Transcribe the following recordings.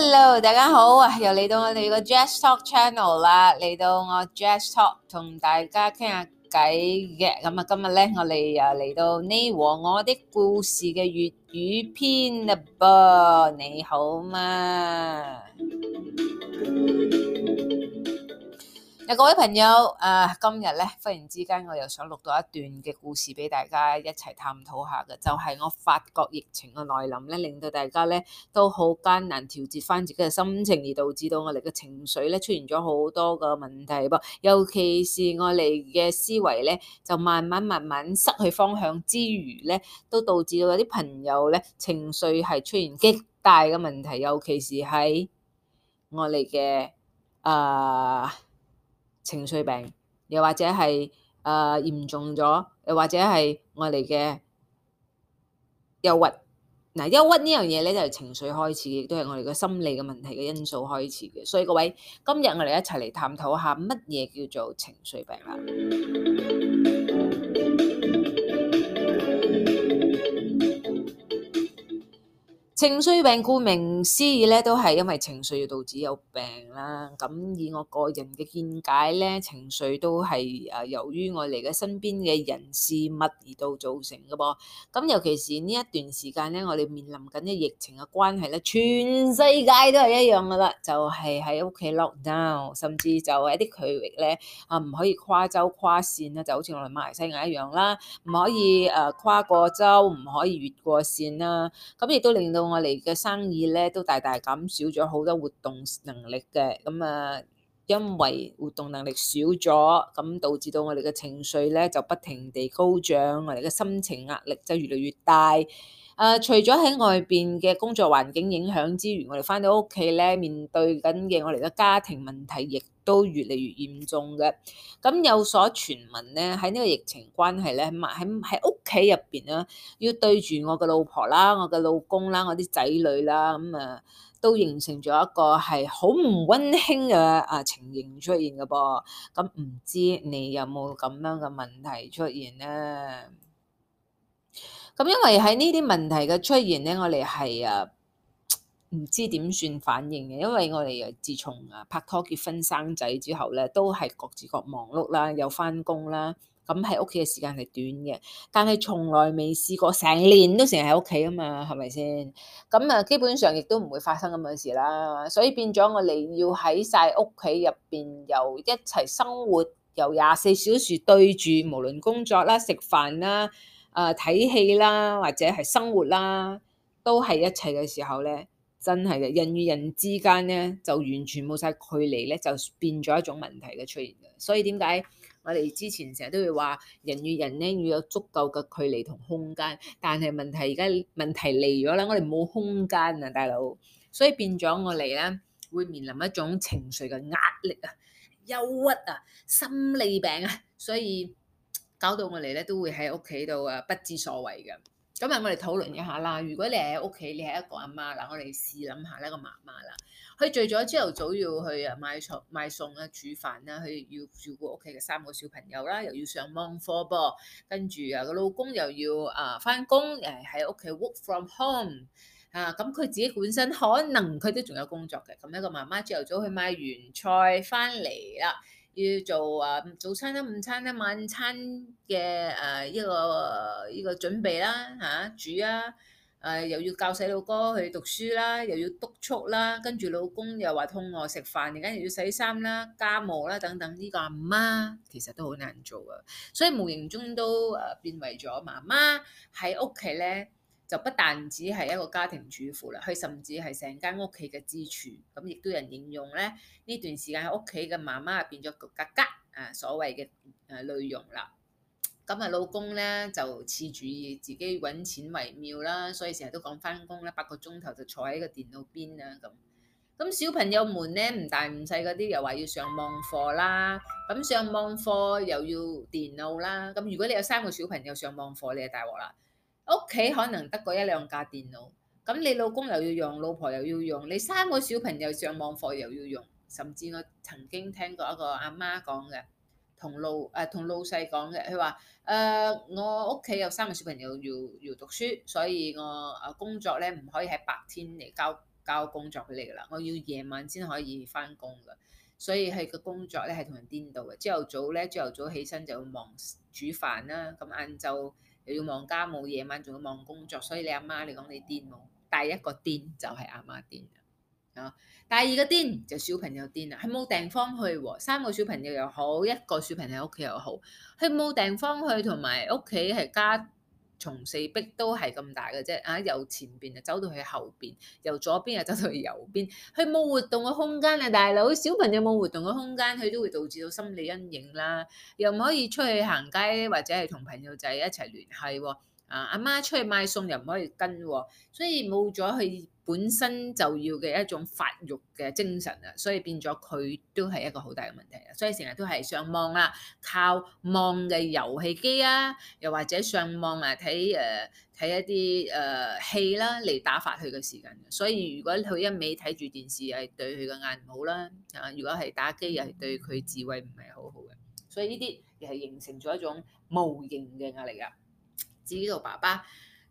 Hello，大家好啊，又嚟到我哋個 Jazz Talk Channel 啦，嚟到我 Jazz Talk 同大家傾下偈嘅。咁啊，今日咧我哋又嚟到你和我的故事嘅粵語篇啦噃，你好嘛？ 各位朋友，誒、呃、今日咧，忽然之間我又想錄到一段嘅故事俾大家一齊探討下嘅，就係、是、我發覺疫情嘅來臨咧，令到大家咧都好艱難調節翻自己嘅心情，而導致到我哋嘅情緒咧出現咗好多嘅問題噃。尤其是我哋嘅思維咧，就慢慢慢慢失去方向之餘咧，都導致到有啲朋友咧情緒係出現極大嘅問題，尤其是喺我哋嘅誒、呃情緒病，又或者係誒、呃、嚴重咗，又或者係我哋嘅憂鬱。嗱，憂鬱呢樣嘢咧，就係、是、情緒開始，亦都係我哋嘅心理嘅問題嘅因素開始嘅。所以各位，今日我哋一齊嚟探討下乜嘢叫做情緒病啊！情緒病，顧名思義咧，都係因為情緒導致有病啦。咁以我個人嘅見解咧，情緒都係誒由於我哋嘅身邊嘅人事物而到造成嘅噃。咁尤其是呢一段時間咧，我哋面臨緊嘅疫情嘅關係咧，全世界都係一樣噶啦，就係喺屋企 lock down，甚至就係一啲區域咧啊，唔可以跨州跨線啦，就好似我哋馬來西亞一樣啦，唔可以誒跨過州，唔可以越過線啦。咁亦都令到我哋嘅生意咧都大大減少咗好多活動能力嘅，咁啊，因為活動能力少咗，咁導致到我哋嘅情緒咧就不停地高漲，我哋嘅心情壓力就越嚟越大。啊，除咗喺外邊嘅工作環境影響之馀，我哋翻到屋企咧面對緊嘅我哋嘅家庭問題亦。都越嚟越嚴重嘅，咁有所傳聞咧，喺呢個疫情關係咧，喺喺喺屋企入邊啦，要對住我嘅老婆啦、我嘅老公啦、我啲仔女啦，咁啊，都形成咗一個係好唔溫馨嘅啊情形出現嘅噃，咁唔知你有冇咁樣嘅問題出現咧？咁因為喺呢啲問題嘅出現咧，我哋係啊～唔知點算反應嘅，因為我哋自從啊拍拖結婚生仔之後咧，都係各自各忙碌啦，又翻工啦，咁喺屋企嘅時間係短嘅，但係從來未試過成年都成日喺屋企啊嘛，係咪先？咁啊，基本上亦都唔會發生咁樣嘅事啦，所以變咗我哋要喺晒屋企入邊由一齊生活，由廿四小時對住，無論工作啦、食飯啦、啊、呃、睇戲啦，或者係生活啦，都係一齊嘅時候咧。真係嘅，人與人之間咧就完全冇晒距離咧，就變咗一種問題嘅出現。所以點解我哋之前成日都會話人與人咧要有足夠嘅距離同空間，但係問題而家問題嚟咗啦，我哋冇空間啊，大佬，所以變咗我哋咧會面臨一種情緒嘅壓力啊、憂鬱啊、心理病啊，所以搞到我哋咧都會喺屋企度啊不知所謂嘅。咁啊，我哋討論一下啦。如果你喺屋企，你係一個阿媽嗱，我哋試諗下呢個媽媽啦。佢最早朝頭早，早要去啊買菜買餸煮飯啦，佢要照顧屋企嘅三個小朋友啦，又要上網課噃，跟住啊個老公又要啊翻工誒喺屋企 work from home 啊。咁佢自己本身可能佢都仲有工作嘅。咁一個媽媽朝頭早去買完菜翻嚟啦。要做啊早餐啦、啊、午餐啦、啊、晚餐嘅誒、呃、一個依個準備啦嚇、啊、煮啊，誒、呃、又要教細路哥去讀書啦，又要督促啦，跟住老公又話肚餓食飯，而家又要洗衫啦、家務啦等等，呢、呢個阿媽其實都好難做啊，所以無形中都誒、呃、變為咗媽媽喺屋企咧。就不但止係一個家庭主婦啦，佢甚至係成間屋企嘅支柱。咁亦都有人形容咧，呢段時間喺屋企嘅媽媽變咗個格格啊，所謂嘅誒內容啦。咁啊，老公咧就恃住自己搵錢為妙啦，所以成日都講翻工啦，八個鐘頭就坐喺個電腦邊啊咁。咁小朋友們咧唔大唔細嗰啲又話要上網課啦，咁上網課又要電腦啦。咁如果你有三個小朋友上網課，你就大鑊啦。屋企可能得過一兩架電腦，咁你老公又要用，老婆又要用，你三個小朋友上網課又要用，甚至我曾經聽過一個阿媽講嘅，同老誒同、呃、老細講嘅，佢話誒我屋企有三個小朋友要要讀書，所以我啊工作咧唔可以喺白天嚟交交工作俾你噶啦，我要夜晚先可以返工噶，所以係個工作咧係同人顛倒嘅，朝頭早咧朝頭早起身就要忙煮飯啦，咁晏晝，又要忙家務，夜晚仲要忙工作，所以你阿媽你講你癲喎。第一個癲就係阿媽癲啊，第二個癲就小朋友癲啦，佢冇地方去喎。三個小朋友又好，一個小朋友喺屋企又好，佢冇地方去，同埋屋企係家從四壁都係咁大嘅啫，啊！由前邊就走到去後邊，由左邊啊走到去右邊，佢冇活動嘅空間啊，大佬！小朋友冇活動嘅空間，佢都會導致到心理陰影啦，又唔可以出去行街或者係同朋友仔一齊聯繫啊！阿、啊、媽出去買餸又唔可以跟、啊、所以冇咗佢。本身就要嘅一種發育嘅精神啊，所以變咗佢都係一個好大嘅問題啊！所以成日都係上網啦、啊，靠網嘅遊戲機啊，又或者上網啊睇誒睇一啲誒、呃、戲啦嚟打發佢嘅時間、啊。所以如果佢一味睇住電視，係、就是、對佢嘅眼唔好啦。啊，如果係打機，又、就、係、是、對佢智慧唔係好好、啊、嘅。所以呢啲又係形成咗一種無形嘅壓力啊！知道爸爸。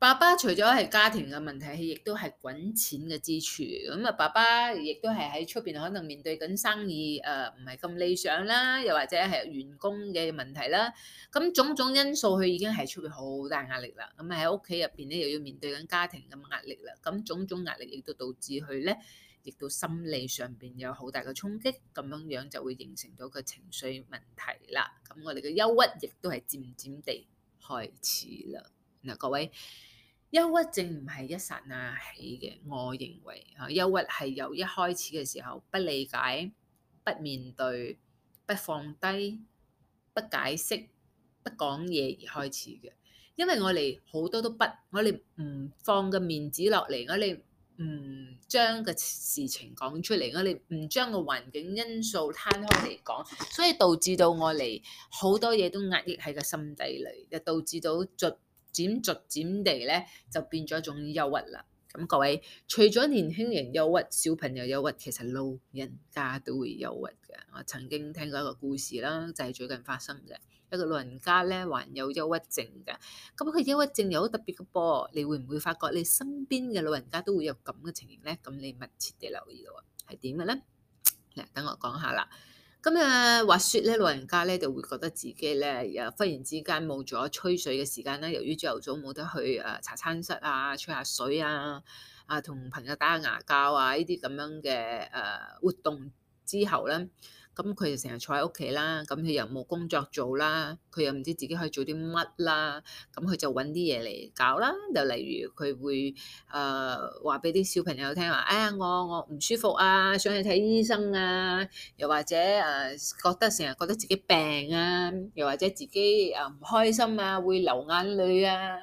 爸爸除咗係家庭嘅問題，佢亦都係揾錢嘅支柱。咁啊，爸爸亦都係喺出邊可能面對緊生意，誒唔係咁理想啦，又或者係員工嘅問題啦。咁種種因素，佢已經係出邊好大壓力啦。咁喺屋企入邊咧，又要面對緊家庭嘅壓力啦。咁種種壓力亦都導致佢咧，亦都心理上邊有好大嘅衝擊。咁樣樣就會形成咗個情緒問題啦。咁我哋嘅憂鬱亦都係漸漸地開始啦。嗱，各位。憂鬱症唔係一剎那起嘅，我認為啊，憂鬱係由一開始嘅時候不理解、不面對、不放低、不解釋、不講嘢而開始嘅。因為我哋好多都不，我哋唔放個面子落嚟，我哋唔將個事情講出嚟，我哋唔將個環境因素攤開嚟講，所以導致到我哋好多嘢都壓抑喺個心底裏，就導致到漸逐漸地咧，就變咗一種憂鬱啦。咁各位，除咗年輕人憂鬱，小朋友憂鬱，其實老人家都會憂鬱嘅。我曾經聽過一個故事啦，就係、是、最近發生嘅一個老人家咧，患有憂鬱症嘅。咁佢憂鬱症有好特別嘅噃，你會唔會發覺你身邊嘅老人家都會有咁嘅情形咧？咁你密切地留意到，係點嘅咧？嗱，等我講下啦。咁誒話說咧，老人家咧就會覺得自己咧又忽然之間冇咗吹水嘅時間啦。由於朝頭早冇得去誒茶餐室啊，吹下水啊，啊同朋友打下牙膠啊，呢啲咁樣嘅誒活動之後咧。咁佢就成日坐喺屋企啦，咁佢又冇工作做啦，佢又唔知自己可以做啲乜啦，咁佢就揾啲嘢嚟搞啦，就例如佢會誒話俾啲小朋友聽話，哎呀我我唔舒服啊，想去睇醫生啊，又或者誒、呃、覺得成日覺得自己病啊，又或者自己誒唔開心啊，會流眼淚啊，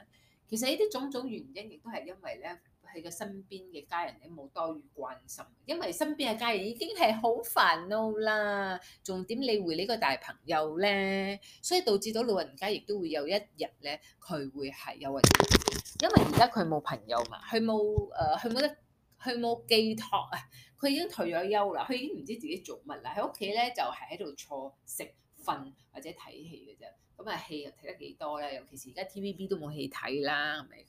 其實呢啲種種原因亦都係因為咧。你嘅身邊嘅家人咧冇多餘關心，因為身邊嘅家人已經係好煩惱啦，仲點理會呢個大朋友咧？所以導致到老人家亦都會有一日咧，佢會係又為，因為而家佢冇朋友嘛，佢冇誒，佢冇得，佢冇寄託啊！佢已經退咗休啦，佢已經唔知自己做乜啦，喺屋企咧就係喺度坐食瞓或者睇戲嘅啫。咁啊，戲又睇得幾多咧？尤其是而家 TVB 都冇戲睇啦，係咪？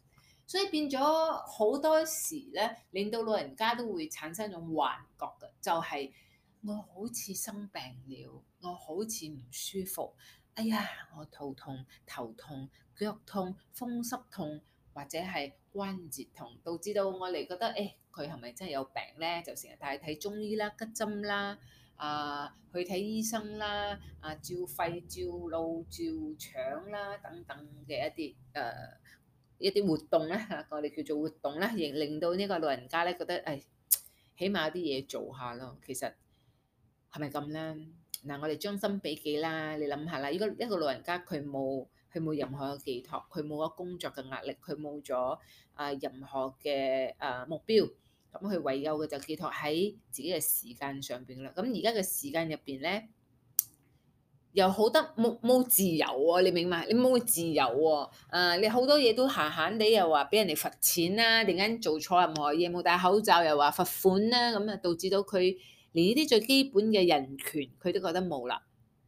所以變咗好多時咧，令到老人家都會產生一種幻覺嘅，就係、是、我好似生病了，我好似唔舒服，哎呀，我頭痛、頭痛、腳痛、風濕痛，或者係關節痛，導致到我哋覺得誒，佢係咪真係有病咧？就成日帶睇中醫啦、拮針啦、啊、呃、去睇醫生啦、啊照肺照腦照腸啦等等嘅一啲誒。呃一啲活動咧，我哋叫做活動咧，亦令到呢個老人家咧覺得誒，起碼有啲嘢做下咯。其實係咪咁咧？嗱，我哋將心比己啦，你諗下啦，如果一個老人家佢冇佢冇任何嘅寄託，佢冇咗工作嘅壓力，佢冇咗誒任何嘅誒目標，咁佢唯有嘅就係寄託喺自己嘅時間上邊啦。咁而家嘅時間入邊咧？又好得冇冇自由喎、啊，你明唔明？你冇自由喎、啊呃，你好多嘢都閒閒地，又話俾人哋罰錢啦、啊，突然間做錯任何嘢冇戴口罩又話罰款啦、啊，咁、嗯、啊導致到佢連呢啲最基本嘅人權佢都覺得冇啦，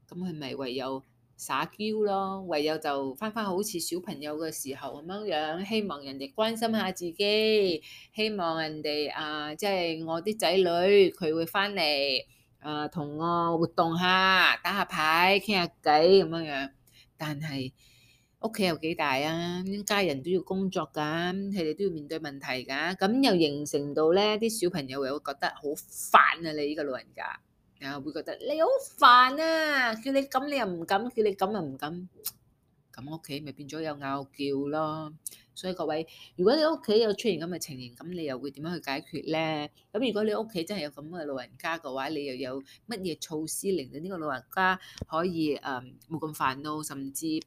咁佢咪唯有撒嬌咯，唯有就翻翻好似小朋友嘅時候咁樣樣，希望人哋關心下自己，希望人哋啊，即、就、係、是、我啲仔女佢會翻嚟。誒同、啊、我活動下，打下牌，傾下偈咁樣樣。但係屋企又幾大啊，家人都要工作㗎、啊，佢哋都要面對問題㗎、啊。咁又形成到咧，啲小朋友又會覺得好煩啊！你呢個老人家，又、啊、會覺得你好煩啊！叫你咁你又唔敢，叫你咁又唔敢。咁屋企咪變咗有拗撬咯，所以各位，如果你屋企有出現咁嘅情形，咁你又會點樣去解決咧？咁如果你屋企真係有咁嘅老人家嘅話，你又有乜嘢措施令到呢個老人家可以誒冇咁煩惱，甚至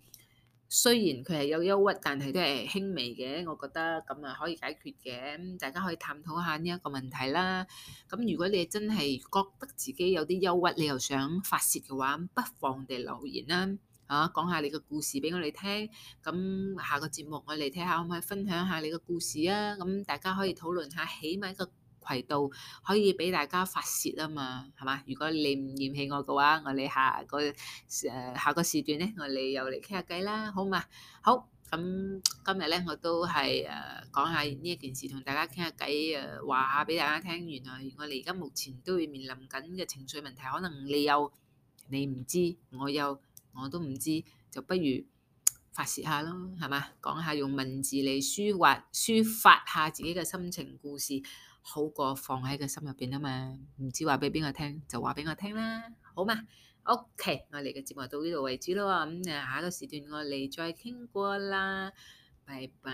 雖然佢係有憂鬱，但係都係輕微嘅，我覺得咁啊可以解決嘅。大家可以探討下呢一個問題啦。咁如果你真係覺得自己有啲憂鬱，你又想發泄嘅話，不妨地留言啦、啊。啊，講下你個故事俾我哋聽。咁下個節目我哋睇下，可唔可以分享下你個故事啊？咁大家可以討論下，起碼個渠道可以俾大家發泄啊嘛，係嘛？如果你唔嫌棄我嘅話，我哋下個誒下個時段咧，我哋又嚟傾下偈啦，好嘛？好，咁今日咧我都係誒講下呢一件事，同大家傾下偈誒，話下俾大家聽。原來我哋而家目前都會面臨緊嘅情緒問題，可能你有你唔知，我又。我都唔知，就不如發洩下咯，係嘛？講下用文字嚟抒劃、抒發下自己嘅心情故事，好過放喺個心入邊啊嘛。唔知話俾邊個聽，就話俾我聽啦，好嘛？OK，我哋嘅節目到呢度為止咯，咁下個時段我哋再傾過啦，拜拜。